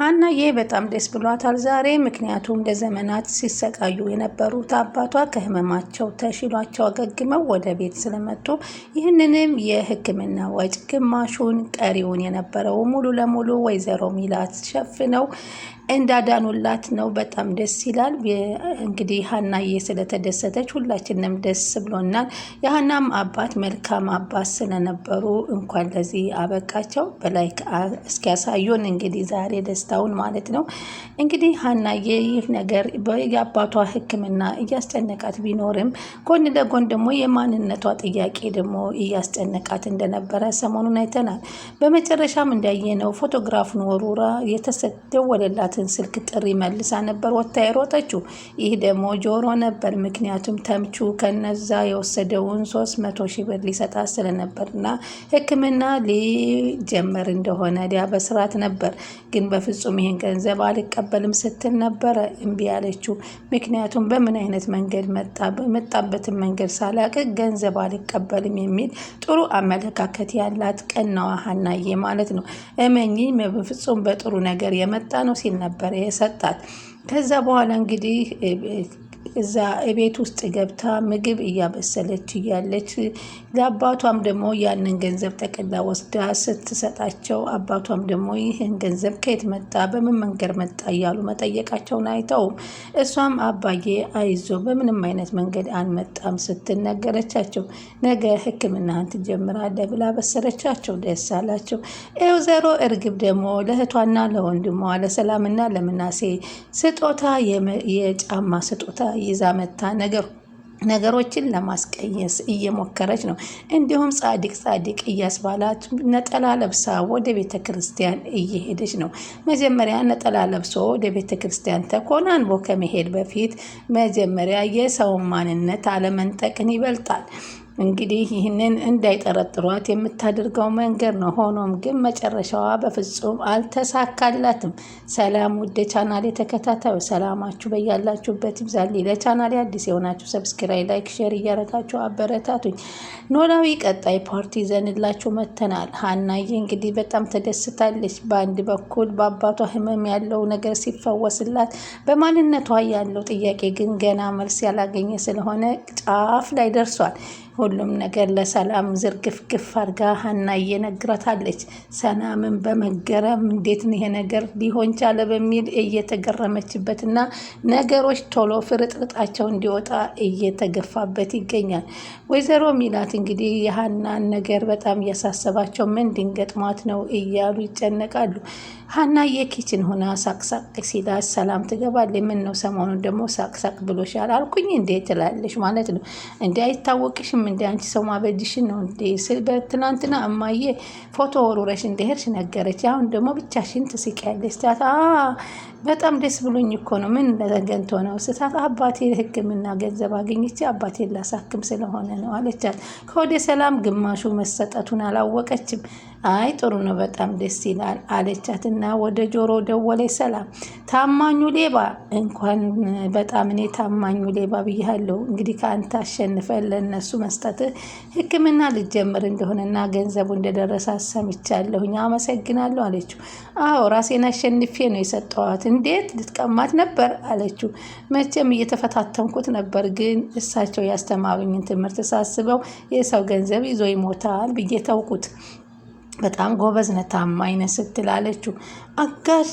ሀናዬ በጣም ደስ ብሏታል ዛሬ። ምክንያቱም ለዘመናት ሲሰቃዩ የነበሩት አባቷ ከህመማቸው ተሽሏቸው አገግመው ወደ ቤት ስለመጡ ይህንንም የህክምና ወጪ ግማሹን፣ ቀሪውን የነበረው ሙሉ ለሙሉ ወይዘሮ ሚላት ሸፍነው እንዳዳኑላት ነው። በጣም ደስ ይላል። እንግዲህ ሀናዬ ስለተደሰተች ሁላችንም ደስ ብሎናል። የሀናም አባት መልካም አባት ስለነበሩ እንኳን ለዚህ አበቃቸው። በላይ እስኪያሳዩን እንግዲህ ዛሬ ደስታውን ማለት ነው። እንግዲህ ሀናዬ ይህ ነገር የአባቷ ሕክምና እያስጨነቃት ቢኖርም ጎን ለጎን ደግሞ የማንነቷ ጥያቄ ደግሞ እያስጨነቃት እንደነበረ ሰሞኑን አይተናል። በመጨረሻም እንዳየነው ፎቶግራፍን ወሩራ የተሰደወለላት የደረሰላትን ስልክ ጥሪ መልሳ ነበር ወታ የሮጠችው። ይህ ደግሞ ጆሮ ነበር። ምክንያቱም ተምቹ ከነዛ የወሰደውን ሶስት መቶ ሺህ ብር ሊሰጣት ስለነበርና ሕክምና ሊጀመር እንደሆነ ሊያበስራት ነበር። ግን በፍጹም ይህን ገንዘብ አልቀበልም ስትል ነበረ እምቢ ያለችው። ምክንያቱም በምን አይነት መንገድ መጣበትን መንገድ ሳላቅ ገንዘብ አልቀበልም የሚል ጥሩ አመለካከት ያላት ቀናዋ ሀናዬ ማለት ነው። እመኚኝ በፍጹም በጥሩ ነገር የመጣ ነው ሲል ነበር ነበር የሰጣት። ከዛ በኋላ እንግዲህ እዛ ቤት ውስጥ ገብታ ምግብ እያበሰለች እያለች ለአባቷም ደግሞ ያንን ገንዘብ ጠቅላ ወስዳ ስትሰጣቸው አባቷም ደግሞ ይህን ገንዘብ ከየት መጣ፣ በምን መንገድ መጣ እያሉ መጠየቃቸውን አይተው እሷም አባዬ አይዞ በምንም አይነት መንገድ አንመጣም ስትል ነገረቻቸው። ነገ ሕክምናህን ትጀምራለህ ብላ በሰረቻቸው። ደስ አላቸው። ወይዘሮ እርግብ ደግሞ ለእህቷና ለወንድሟ ለሰላምና ለምናሴ ስጦታ የጫማ ስጦታ ይዛ መታ ነገር ነገሮችን ለማስቀየስ እየሞከረች ነው። እንዲሁም ጻድቅ ጻድቅ እያስባላት ነጠላ ለብሳ ወደ ቤተ ክርስቲያን እየሄደች ነው። መጀመሪያ ነጠላ ለብሶ ወደ ቤተ ክርስቲያን ተኮናንቦ ከመሄድ በፊት መጀመሪያ የሰውን ማንነት አለመንጠቅን ይበልጣል። እንግዲህ ይህንን እንዳይጠረጥሯት የምታደርገው መንገድ ነው። ሆኖም ግን መጨረሻዋ በፍጹም አልተሳካላትም። ሰላም ውድ ቻናል የተከታታዩ ሰላማችሁ በያላችሁበት ይብዛል። ለቻናል አዲስ የሆናችሁ ሰብስክራይ፣ ላይክ፣ ሼር እያረጋችሁ አበረታቱኝ። ኖላዊ ቀጣይ ፓርቲ ዘንላችሁ መተናል። ሀናዬ እንግዲህ በጣም ተደስታለች። በአንድ በኩል በአባቷ ህመም ያለው ነገር ሲፈወስላት፣ በማንነቷ ያለው ጥያቄ ግን ገና መልስ ያላገኘ ስለሆነ ጫፍ ላይ ደርሷል። ሁሉም ነገር ለሰላም ዝርግፍግፍ አድርጋ ሀና እየነግራታለች። ሰላምን በመገረም እንዴት ይሄ ነገር ሊሆን ቻለ በሚል እየተገረመችበት እየተገረመችበትና ነገሮች ቶሎ ፍርጥርጣቸው እንዲወጣ እየተገፋበት ይገኛል። ወይዘሮ ሚላት እንግዲህ የሀናን ነገር በጣም እያሳሰባቸው ምን ድንገጥማት ነው እያሉ ይጨነቃሉ። ሀና የኪችን ሆና ሳቅሳቅ ሲላት ሰላም ትገባለች። ምን ነው ሰሞኑን ደግሞ ሳቅሳቅ ብሎሻል አልኩኝ እንዴ ትላለች ማለት ነው እንዲ አይታወቅሽም እንደ አንቺ ሰው ማበድሽን ነው እንዴ በትናንትና እማዬ ፎቶ ወሩረሽ እንደሄድሽ ነገረች። አሁን ደግሞ ብቻሽን ትስቂያለሽ ስላት በጣም ደስ ብሎኝ እኮ ነው ምን ተገንቶ ነው ስታት አባቴ ሕክምና ገንዘብ አገኝቼ አባቴን ላሳክም ስለሆነ ነው አለቻት። ከወደ ሰላም ግማሹ መሰጠቱን አላወቀችም። አይ ጥሩ ነው፣ በጣም ደስ ይላል አለቻትና ወደ ጆሮ ደወለች ሰላም ታማኙ ሌባ፣ እንኳን በጣም እኔ ታማኙ ሌባ ብያለሁ። እንግዲህ ከአንተ አሸንፈ ለእነሱ መስጠት ሕክምና ልጀምር እንደሆነና ገንዘቡ እንደደረሰ ሰምቻለሁኝ፣ አመሰግናለሁ አለችው። አዎ ራሴን አሸንፌ ነው የሰጠዋት። እንዴት ልትቀማት ነበር አለችው። መቼም እየተፈታተንኩት ነበር፣ ግን እሳቸው ያስተማሩኝን ትምህርት ሳስበው የሰው ገንዘብ ይዞ ይሞታል ብዬ ተውኩት። በጣም ጎበዝ ነህ፣ ታማኝ ነህ ስትል አለችው። አጋሽ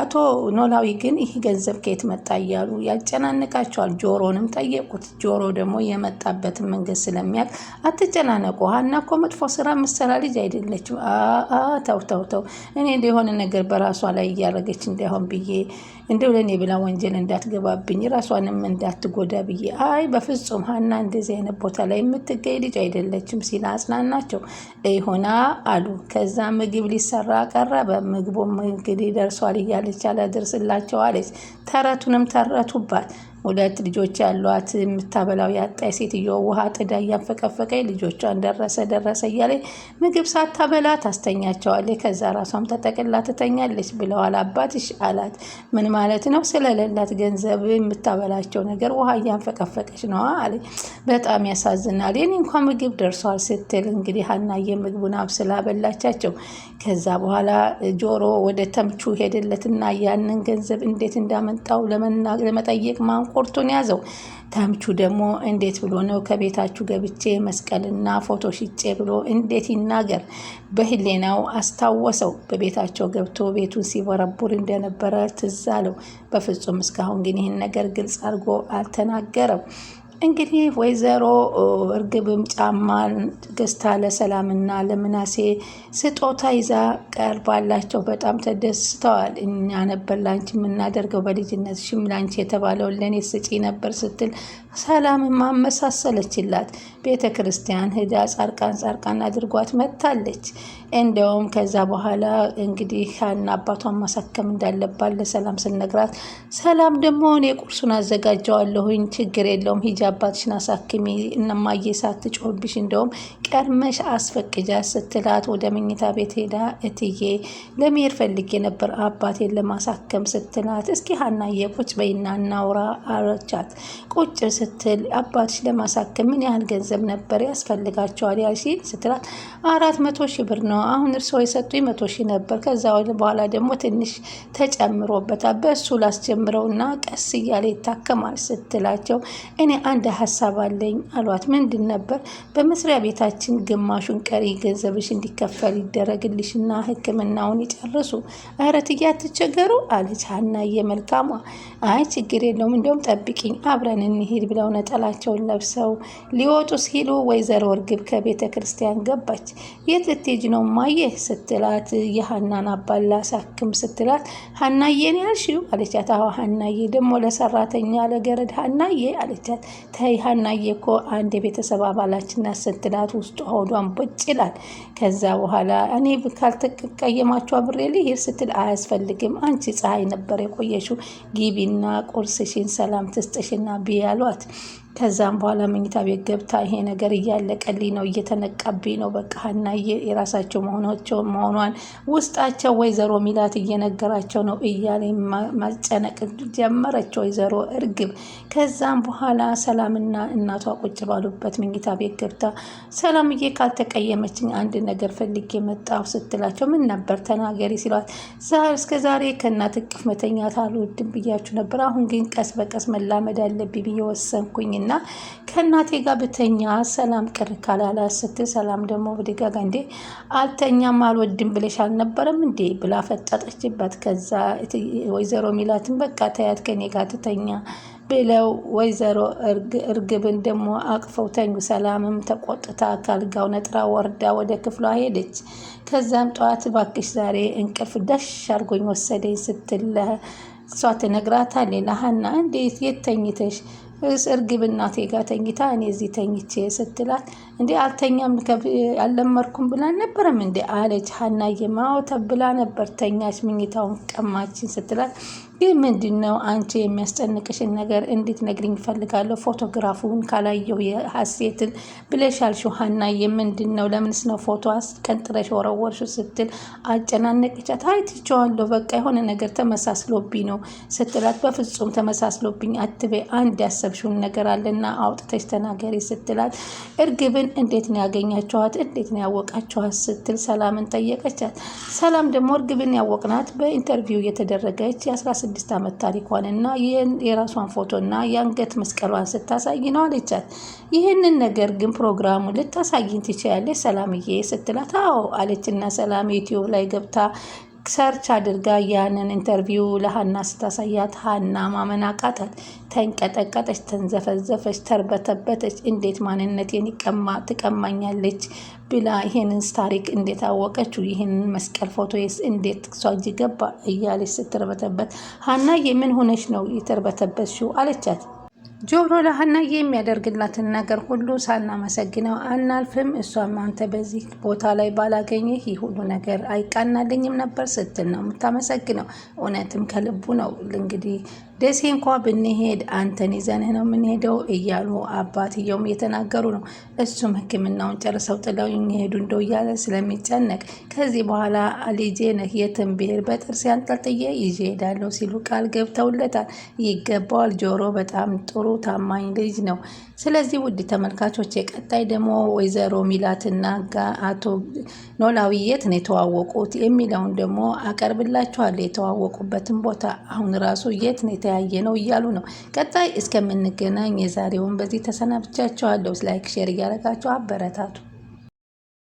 አቶ ኖላዊ ግን ይህ ገንዘብ ከየት መጣ እያሉ ያጨናንቃቸዋል። ጆሮንም ጠየቁት። ጆሮ ደግሞ የመጣበትን መንገድ ስለሚያውቅ አትጨናነቁ፣ ሀና እኮ መጥፎ ስራ ምሰራ ልጅ አይደለችም። ተው ተው ተው፣ እኔ የሆነ ነገር በራሷ ላይ እያደረገች እንዳይሆን ብዬ እንደው ለእኔ ብላ ወንጀል እንዳትገባብኝ ራሷንም እንዳትጎዳ ብዬ። አይ በፍጹም ሀና እንደዚህ አይነት ቦታ ላይ የምትገኝ ልጅ አይደለችም ሲል አጽናናቸው። ይሆና አሉ ከዛ ምግብ ሊሰራ ቀረበ። ምግቡም እንግዲህ ደርሷል እያለች አላደርስላቸው አለች። ተረቱንም ተረቱባት። ሁለት ልጆች ያሏት የምታበላው ያጣይ ሴትዮ ውሃ ጥዳ እያንፈቀፈቀ ልጆቿን ደረሰ ደረሰ እያለ ምግብ ሳታበላ ታስተኛቸዋለች። ከዛ ራሷም ተጠቅላ ትተኛለች ብለዋል አባትሽ አላት። ምን ማለት ነው? ስለሌላት ገንዘብ የምታበላቸው ነገር ውሃ እያንፈቀፈቀች ነዋ አለ። በጣም ያሳዝናል። የኔ እንኳ ምግብ ደርሷል ስትል እንግዲህ ሀናዬ ምግቡን አብስላ በላቻቸው። ከዛ በኋላ ጆሮ ወደ ተምቹ ሄደለትና ያንን ገንዘብ እንዴት እንዳመጣው ለመጠየቅ ማን ቆርጦን ያዘው። ተምቹ ደግሞ እንዴት ብሎ ነው ከቤታችሁ ገብቼ መስቀልና ፎቶ ሽጬ ብሎ እንዴት ይናገር? በህሌናው አስታወሰው። በቤታቸው ገብቶ ቤቱን ሲበረቡር እንደነበረ ትዝ አለው። በፍጹም እስካሁን ግን ይህን ነገር ግልጽ አድርጎ አልተናገረም። እንግዲህ ወይዘሮ እርግብም ጫማን ገዝታ ለሰላምና ለምናሴ ስጦታ ይዛ ቀርባላቸው በጣም ተደስተዋል። እኛ ነበር ላንቺ የምናደርገው በልጅነት ሽም ላንቺ የተባለውን ለእኔ ስጪ ነበር ስትል ሰላምን ማመሳሰለችላት። ቤተ ክርስቲያን ሂዳ ጻርቃን ጻርቃን አድርጓት መጥታለች። እንደውም ከዛ በኋላ እንግዲህ ሀና አባቷን ማሳከም እንዳለባት ለሰላም ስነግራት፣ ሰላም ደግሞ እኔ ቁርሱን አዘጋጀዋለሁኝ ችግር የለውም ሂጃ አባትሽን አሳክሚ እነማዬ ሳትጮህብሽ እንደውም ቀድመሽ አስፈቅጃ ስትላት ወደ መኝታ ቤት ሄዳ እትዬ ለመሄድ ፈልጌ ነበር አባቴን ለማሳከም ስትላት፣ እስኪ ሀናዬ ቁጭ በይና እናውራ አረቻት። ቁጭ ስትል አባትሽ ለማሳከም ምን ያህል ገንዘብ ነበር ያስፈልጋቸዋል ያልሽኝ ስትላት፣ አራት መቶ ሺ ብር ነው አሁን እርስዎ የሰጡኝ መቶ ሺ ነበር ከዛ በኋላ ደግሞ ትንሽ ተጨምሮበታል በእሱ ላስጀምረውና ቀስ እያለ ይታከማል ስትላቸው፣ እኔ አንድ ሀሳብ አለኝ አሏት። ምንድን ነበር በመስሪያ ቤታችን እህታችን ግማሹን ቀሪ ገንዘብሽ እንዲከፈል ይደረግልሽ ይደረግልሽና ህክምናውን ይጨርሱ። እረ ትዬ አትቸገሩ አለች ሀናዬ መልካሟ። አይ ችግር የለውም እንደውም ጠብቂኝ አብረን እንሂድ ብለው ነጠላቸውን ለብሰው ሊወጡ ሲሉ ወይዘሮ እርግብ ከቤተ ክርስቲያን ገባች። የት ልትሄጂ ነው ማየ ስትላት የሀናን አባላ ሳክም ስትላት ሀናዬን ያልሽው አለቻት። አዎ ሀናዬ ደግሞ ለሰራተኛ ለገረድ ሀናዬ አለቻት። ተይ ሀናዬ እኮ አንድ የቤተሰብ አባላችን ናት ስትላት ውስጡ ሆዷን ቦጭ ይላል። ከዛ በኋላ እኔ ካልተቀየማችሁ አብሬ ልሂድ ስትል አያስፈልግም፣ አንቺ ፀሐይ ነበር የቆየሽው፣ ጊቢና ቁርስሽን ሰላም ትስጥሽና ብያሏት ከዛም በኋላ መኝታ ቤት ገብታ ይሄ ነገር እያለቀልኝ ነው እየተነቃብኝ ነው በቃ ሀናዬ የራሳቸው መሆናቸው መሆኗን ውስጣቸው ወይዘሮ ሚላት እየነገራቸው ነው እያለ ማጨነቅ ጀመረች ወይዘሮ እርግብ። ከዛም በኋላ ሰላምና እናቷ ቁጭ ባሉበት መኝታ ቤት ገብታ ሰላምዬ ካልተቀየመችኝ አንድ ነገር ፈልጌ መጣሁ ስትላቸው ምን ነበር ተናገሪ ሲሏት እስከ ዛሬ ከእናት እቅፍ መተኛት አልወድም ብያችሁ ነበር። አሁን ግን ቀስ በቀስ መላመድ አለብኝ ብዬ ወሰንኩኝ። እና ከእናቴ ጋር ብተኛ ሰላም ቅር ካላላ ስትል ሰላም ደግሞ በድጋጋ እንዴ አልተኛም አልወድም ብለሽ አልነበረም እንዴ ብላ ፈጠጠችበት። ከዛ ወይዘሮ ሚላትን በቃ ተያት ከኔ ጋር ትተኛ ብለው ወይዘሮ እርግብን ደግሞ አቅፈው ተኙ። ሰላምም ተቆጥታ ካልጋው ነጥራ ወርዳ ወደ ክፍሏ ሄደች። ከዛም ጠዋት ባክሽ ዛሬ እንቅልፍ ደሽ አርጎኝ ወሰደኝ ስትል እሷ ትነግራታለች ለሀና እንዴት የተኝተሽ እርግብ እናቴ ጋር ተኝታ እኔ እዚህ ተኝቼ ስትላት እንዲ አልተኛም አልለመርኩም ብላ ነበረም እንዲ አለች። ሀናዬ ማውተ ብላ ነበር ተኛች፣ ምኝታውን ቀማችን ስትላት ግን ምንድን ነው አንቺ የሚያስጨንቅሽን ነገር እንዴት ነግሪኝ እፈልጋለሁ፣ ፎቶግራፉን ካላየው የሀሴትን ብለሻል። ሀናዬ ምንድን ነው ለምንስ ነው ፎቶ ቀንጥረሽ ወረወርሽ? ስትል አጨናነቅቻት። አይትቸዋለሁ በቃ የሆነ ነገር ተመሳስሎብኝ ነው ስትላት፣ በፍጹም ተመሳስሎብኝ አትበይ፣ አንድ ያሰብሽውን ነገር አለና አውጥተሽ ተናገሪ ስትላት እርግብን እንዴት ነው ያገኛችኋት? እንዴት ነው ያወቃችኋት? ስትል ሰላምን ጠየቀቻት። ሰላም ደግሞ እርግብን ያወቅናት በኢንተርቪው የተደረገች የ16 ዓመት ታሪኳንና የራሷን ፎቶና የአንገት መስቀሏን ስታሳይ ነው አለቻት። ይህንን ነገር ግን ፕሮግራሙ ልታሳይን ትችያለች ሰላምዬ ስትላት አዎ አለችና ሰላም ዩቲዩብ ላይ ገብታ ሰርች አድርጋ ያንን ኢንተርቪው ለሀና ስታሳያት ሀና ማመን አቃታት። ተንቀጠቀጠች፣ ተንዘፈዘፈች፣ ተርበተበተች። እንዴት ማንነቴን ትቀማኛለች ብላ ይሄንን ታሪክ እንዴት አወቀችው? ይህንን መስቀል ፎቶስ እንዴት እሷ እጅ ገባ? እያለች ስትርበተበት ሀናዬ የምን ሆነች ነው ሽው አለቻት። ጆሮ ለሀናዬ የሚያደርግላትን ነገር ሁሉ ሳናመሰግነው አናልፍም። እሷም አንተ በዚህ ቦታ ላይ ባላገኘህ ይህ ሁሉ ነገር አይቃናልኝም ነበር ስትል ነው የምታመሰግነው። እውነትም ከልቡ ነው እንግዲህ ደሴ እንኳ ብንሄድ አንተን ይዘንህ ነው የምንሄደው እያሉ አባትየውም እየተናገሩ ነው። እሱም ሕክምናውን ጨርሰው ጥለው የሚሄዱ እንደው እያለ ስለሚጨነቅ ከዚህ በኋላ ልጄ ነህ የትም ብሄር በጥርስ ያንጠልጥዬ ይዤ እሄዳለሁ ሲሉ ቃል ገብተውለታል። ይገባዋል። ጆሮ በጣም ጥሩ ታማኝ ልጅ ነው። ስለዚህ ውድ ተመልካቾች የቀጣይ ደግሞ ወይዘሮ ሚላትና አቶ ኖላዊ የት ነው የተዋወቁት የሚለውን ደግሞ አቀርብላችኋለሁ። የተዋወቁበትን ቦታ አሁን ራሱ የት ነው የተለያየ ነው እያሉ ነው። ቀጣይ እስከምንገናኝ የዛሬውን በዚህ ተሰናብቻችኋለሁ። ላይክ ሼር እያደረጋችሁ አበረታቱ።